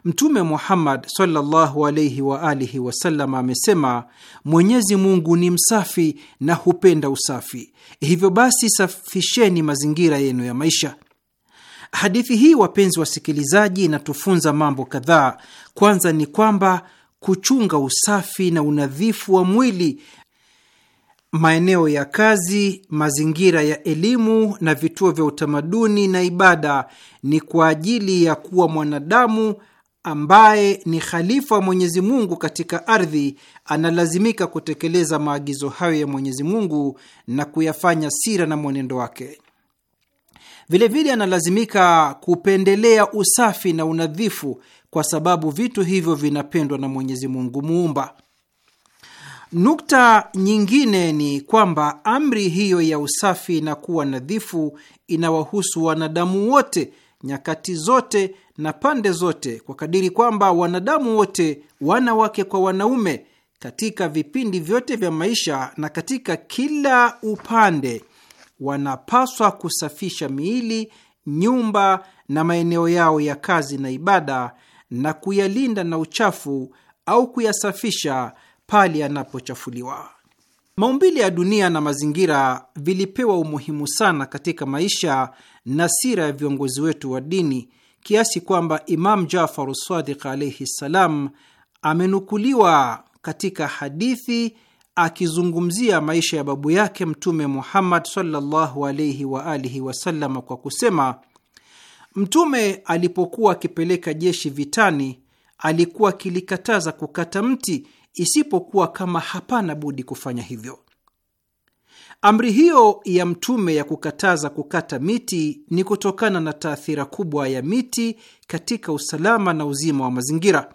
Mtume Muhammad sallallahu wa alihi wasallam amesema, Mwenyezi Mungu ni msafi na hupenda usafi, hivyo basi safisheni mazingira yenu ya maisha. Hadithi hii, wapenzi wasikilizaji, inatufunza mambo kadhaa. Kwanza ni kwamba kuchunga usafi na unadhifu wa mwili maeneo ya kazi, mazingira ya elimu na vituo vya utamaduni na ibada ni kwa ajili ya kuwa mwanadamu ambaye ni khalifa wa Mwenyezi Mungu katika ardhi analazimika kutekeleza maagizo hayo ya Mwenyezi Mungu na kuyafanya sira na mwenendo wake. Vilevile vile analazimika kupendelea usafi na unadhifu, kwa sababu vitu hivyo vinapendwa na Mwenyezi Mungu Muumba. Nukta nyingine ni kwamba amri hiyo ya usafi na kuwa nadhifu inawahusu wanadamu wote nyakati zote na pande zote, kwa kadiri kwamba wanadamu wote, wanawake kwa wanaume, katika vipindi vyote vya maisha na katika kila upande, wanapaswa kusafisha miili, nyumba na maeneo yao ya kazi na ibada, na kuyalinda na uchafu au kuyasafisha pale yanapochafuliwa. Maumbile ya dunia na mazingira vilipewa umuhimu sana katika maisha na sira ya viongozi wetu wa dini kiasi kwamba Imam Jafaru Sadiq alaihi ssalam amenukuliwa katika hadithi akizungumzia maisha ya babu yake Mtume Muhammad sallallahu alaihi wa alihi wasallam kwa kusema, Mtume alipokuwa akipeleka jeshi vitani, alikuwa akilikataza kukata mti isipokuwa kama hapana budi kufanya hivyo. Amri hiyo ya Mtume ya kukataza kukata miti ni kutokana na taathira kubwa ya miti katika usalama na uzima wa mazingira.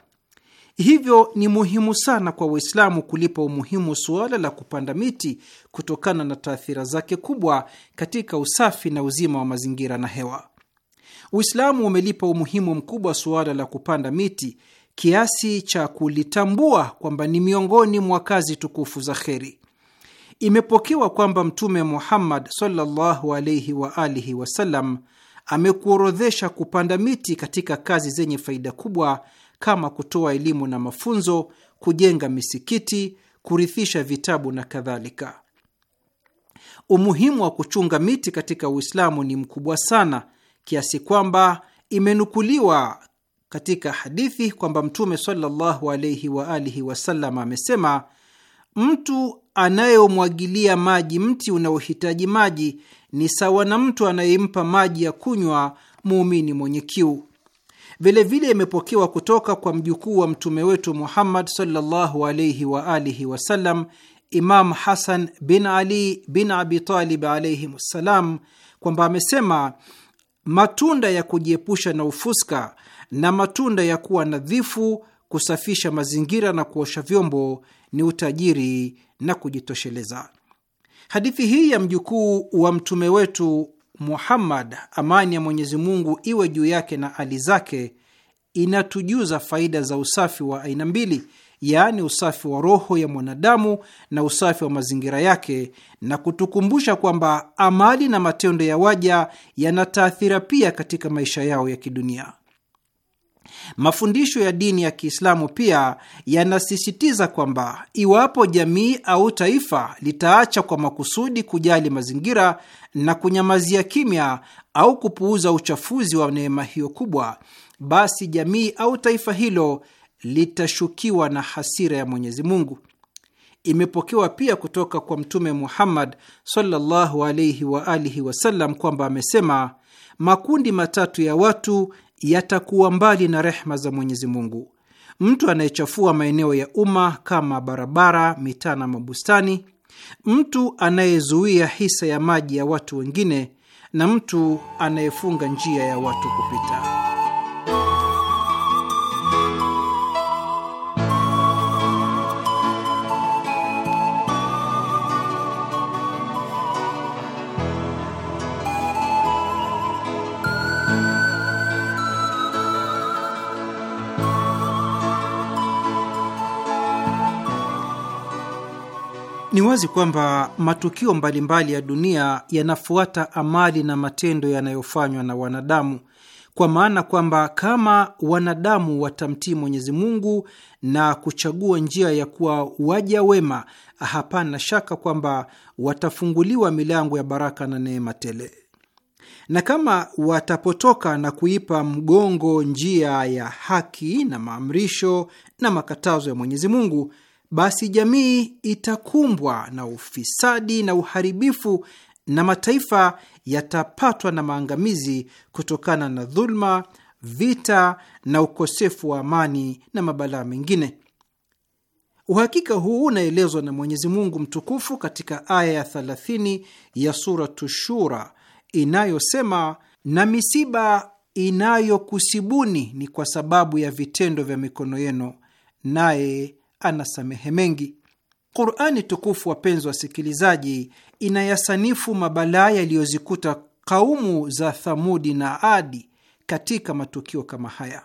Hivyo ni muhimu sana kwa Waislamu kulipa umuhimu suala la kupanda miti kutokana na taathira zake kubwa katika usafi na uzima wa mazingira na hewa. Uislamu umelipa umuhimu mkubwa suala la kupanda miti kiasi cha kulitambua kwamba ni miongoni mwa kazi tukufu za kheri. Imepokewa kwamba Mtume Muhammad sallallahu alaihi wa alihi wasallam amekuorodhesha kupanda miti katika kazi zenye faida kubwa kama kutoa elimu na mafunzo, kujenga misikiti, kurithisha vitabu na kadhalika. Umuhimu wa kuchunga miti katika Uislamu ni mkubwa sana kiasi kwamba imenukuliwa katika hadithi kwamba Mtume sallallahu alaihi wa alihi wasallam amesema, mtu anayomwagilia maji mti unaohitaji maji ni sawa na mtu anayempa maji ya kunywa muumini mwenye kiu. Vilevile imepokewa kutoka kwa mjukuu wa mtume wetu Muhammad sallallahu alaihi wa alihi wasallam, Imam Hasan bin Ali bin Abitalib alaihim ssalam, kwamba amesema matunda ya kujiepusha na ufuska na matunda ya kuwa nadhifu kusafisha mazingira na kuosha vyombo ni utajiri na kujitosheleza. Hadithi hii ya mjukuu wa mtume wetu Muhammad, amani ya Mwenyezi Mungu iwe juu yake na ali zake, inatujuza faida za usafi wa aina mbili, yaani usafi wa roho ya mwanadamu na usafi wa mazingira yake, na kutukumbusha kwamba amali na matendo ya waja yana taathira pia katika maisha yao ya kidunia. Mafundisho ya dini ya Kiislamu pia yanasisitiza kwamba iwapo jamii au taifa litaacha kwa makusudi kujali mazingira na kunyamazia kimya au kupuuza uchafuzi wa neema hiyo kubwa, basi jamii au taifa hilo litashukiwa na hasira ya Mwenyezi Mungu. Imepokewa pia kutoka kwa Mtume Muhammad sallallahu alaihi wa alihi wasallam kwamba amesema, makundi matatu ya watu yatakuwa mbali na rehma za Mwenyezi Mungu. Mtu anayechafua maeneo ya umma kama barabara, mitaa na mabustani, mtu anayezuia hisa ya maji ya watu wengine, na mtu anayefunga njia ya watu kupita. Ni wazi kwamba matukio mbalimbali ya dunia yanafuata amali na matendo yanayofanywa na wanadamu, kwa maana kwamba kama wanadamu watamtii Mwenyezi Mungu na kuchagua njia ya kuwa waja wema, hapana shaka kwamba watafunguliwa milango ya baraka na neema tele, na kama watapotoka na kuipa mgongo njia ya haki na maamrisho na makatazo ya Mwenyezi Mungu basi jamii itakumbwa na ufisadi na uharibifu na mataifa yatapatwa na maangamizi kutokana na dhuluma, vita na ukosefu wa amani na mabalaa mengine. Uhakika huu unaelezwa na Mwenyezi Mungu mtukufu katika aya ya 30 ya Suratu Shura inayosema, na misiba inayokusibuni ni kwa sababu ya vitendo vya mikono yenu, naye anasamehe mengi. Qurani Tukufu, wapenzi wasikilizaji, inayasanifu mabalaa yaliyozikuta kaumu za Thamudi na Adi katika matukio kama haya.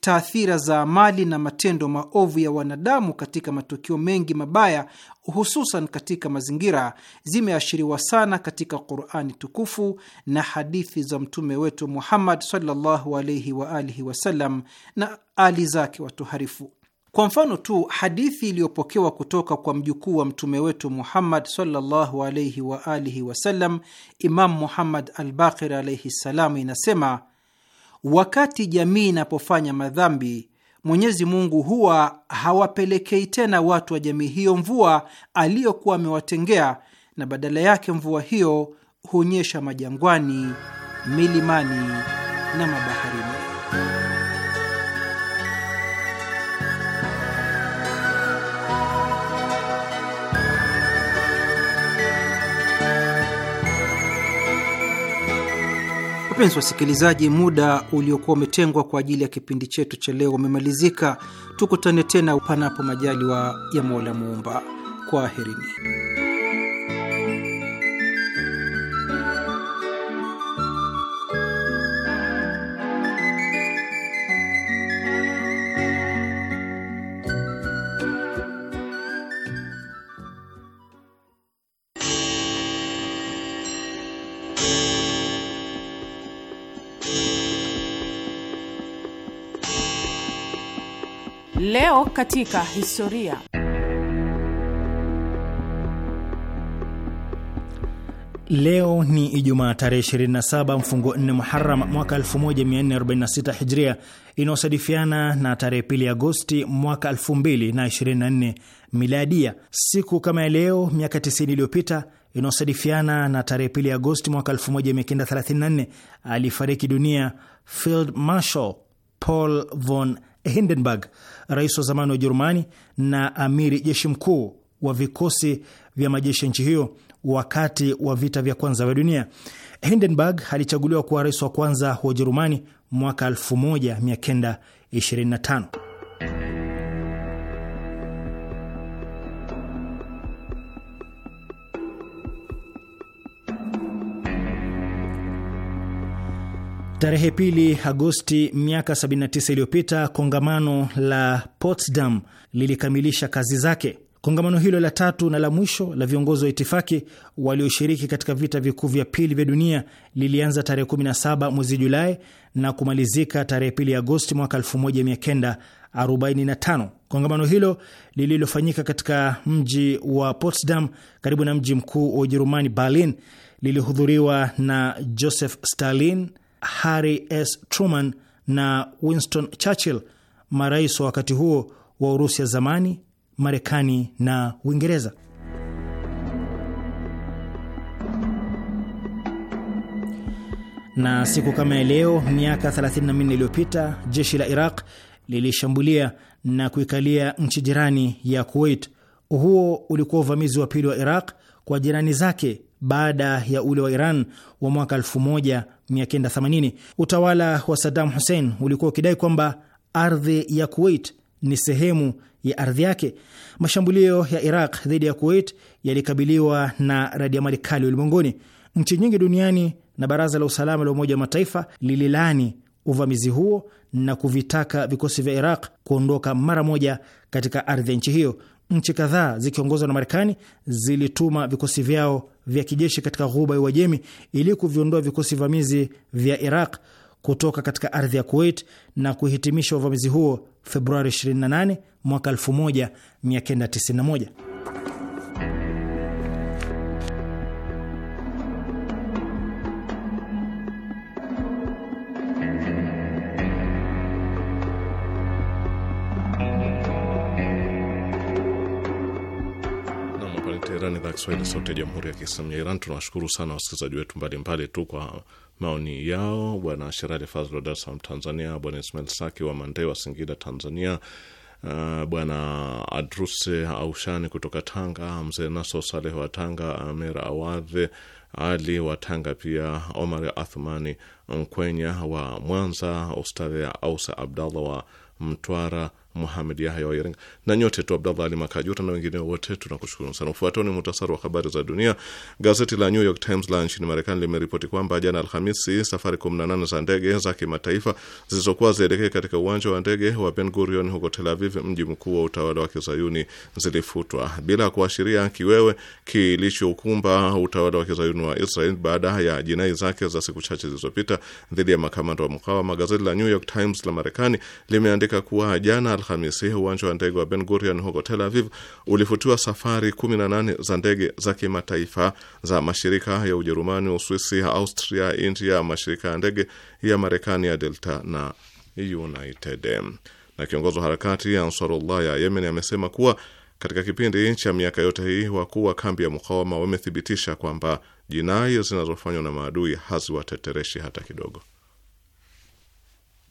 Taathira za amali na matendo maovu ya wanadamu katika matukio mengi mabaya, hususan katika mazingira, zimeashiriwa sana katika Qurani Tukufu na hadithi za mtume wetu Muhammad sallallahu alaihi waalihi wasallam na ali zake watuharifu. Kwa mfano tu, hadithi iliyopokewa kutoka kwa mjukuu wa mtume wetu Muhammad sallallahu alaihi wa alihi wasallam, Imam Muhammad Albakir alaihi ssalam, inasema wakati jamii inapofanya madhambi, Mwenyezi Mungu huwa hawapelekei tena watu wa jamii hiyo mvua aliyokuwa amewatengea, na badala yake mvua hiyo hunyesha majangwani, milimani na mabaharini. Wapenzi wasikilizaji, muda uliokuwa umetengwa kwa ajili ya kipindi chetu cha leo umemalizika. Tukutane tena panapo majaliwa ya Mola Muumba. Kwaherini. Leo katika historia. Leo ni Ijumaa tarehe 27 mfungo 4 Muharam mwaka 1446 Hijria, inayosadifiana na tarehe pili Agosti mwaka 2024 Miladia. Siku kama ya leo miaka 90 iliyopita, inayosadifiana na tarehe pili Agosti mwaka 1934, alifariki dunia Field Marshal Paul von Hindenburg, rais wa zamani wa Ujerumani na amiri jeshi mkuu wa vikosi vya majeshi ya nchi hiyo wakati wa vita vya kwanza vya dunia. Hindenburg alichaguliwa kuwa rais wa kwanza wa Ujerumani mwaka 1925. Tarehe pili Agosti miaka 79 iliyopita kongamano la Potsdam lilikamilisha kazi zake. Kongamano hilo la tatu na la mwisho la viongozi wa itifaki walioshiriki katika vita vikuu vya pili vya dunia lilianza tarehe 17 mwezi Julai na kumalizika tarehe pili Agosti mwaka 1945. Kongamano hilo lililofanyika katika mji wa Potsdam karibu na mji mkuu wa Ujerumani Berlin lilihudhuriwa na Joseph Stalin Harry S Truman na Winston Churchill, marais wa wakati huo wa Urusi ya zamani, Marekani na Uingereza. Na siku kama ya leo miaka 34 iliyopita jeshi la Iraq lilishambulia na kuikalia nchi jirani ya Kuwait. Huo ulikuwa uvamizi wa pili wa Iraq kwa jirani zake baada ya ule wa Iran wa mwaka 1980. Utawala wa Saddam Hussein ulikuwa ukidai kwamba ardhi ya Kuwait ni sehemu ya ardhi yake. Mashambulio ya Iraq dhidi ya Kuwait yalikabiliwa na radiamali kali ulimwenguni. Nchi nyingi duniani na Baraza la Usalama la Umoja wa Mataifa lililani uvamizi huo na kuvitaka vikosi vya Iraq kuondoka mara moja katika ardhi ya nchi hiyo. Nchi kadhaa zikiongozwa na Marekani zilituma vikosi vyao vya kijeshi katika ghuba ya Uajemi ili kuviondoa vikosi vamizi vya Iraq kutoka katika ardhi ya Kuwait na kuhitimisha uvamizi huo Februari 28 mwaka 1991. Kiswahili, sauti ya jamhuri ya kiislamu ya Iran. Tunawashukuru sana wasikilizaji wetu mbalimbali tu kwa maoni yao, bwana Sherali Fazl wa Dar es Salaam, Tanzania, bwana Ismail Saki wa Mandee wa Singida, Tanzania, uh, bwana Adruse Aushani kutoka Tanga, mzee Naso Saleh wa Tanga, Amir Awadhe ali wa Tanga, pia Omar Athmani Mkwenya wa Mwanza, Ustadhi Ausa Abdallah wa Mtwara Muhamed Yahya Wairinga na nyote tu, Abdallah Ali Makajuta na wengine wote, tunakushukuru sana. Ufuatao ni muhtasari wa habari za dunia. Gazeti la New York Times la nchini Marekani limeripoti kwamba jana Alhamisi, safari 18 za ndege za kimataifa zilizokuwa zielekee katika uwanja wa ndege wa Ben Gurion huko Tel Aviv, mji mkuu wa utawala wa kizayuni, zilifutwa bila kuashiria kiwewe kilichokumba utawala wa kizayuni wa Israel baada ya jinai zake za siku chache zilizopita dhidi ya makamanda wa mkawama. Gazeti la New York Times la Marekani limeandika kuwa jana Alhamisi uwanja wa ndege wa Ben Gurion huko Tel Aviv ulifutiwa safari 18 za ndege za kimataifa za mashirika ya Ujerumani, Uswisi, Austria, India, mashirika ya ndege ya Marekani ya Delta na United. Na kiongozi wa harakati ya Ansarullah ya Yemen amesema kuwa katika kipindi cha miaka yote hii wakuu wa kambi ya mukawama wamethibitisha kwamba jinai zinazofanywa na maadui haziwatetereshi hata kidogo.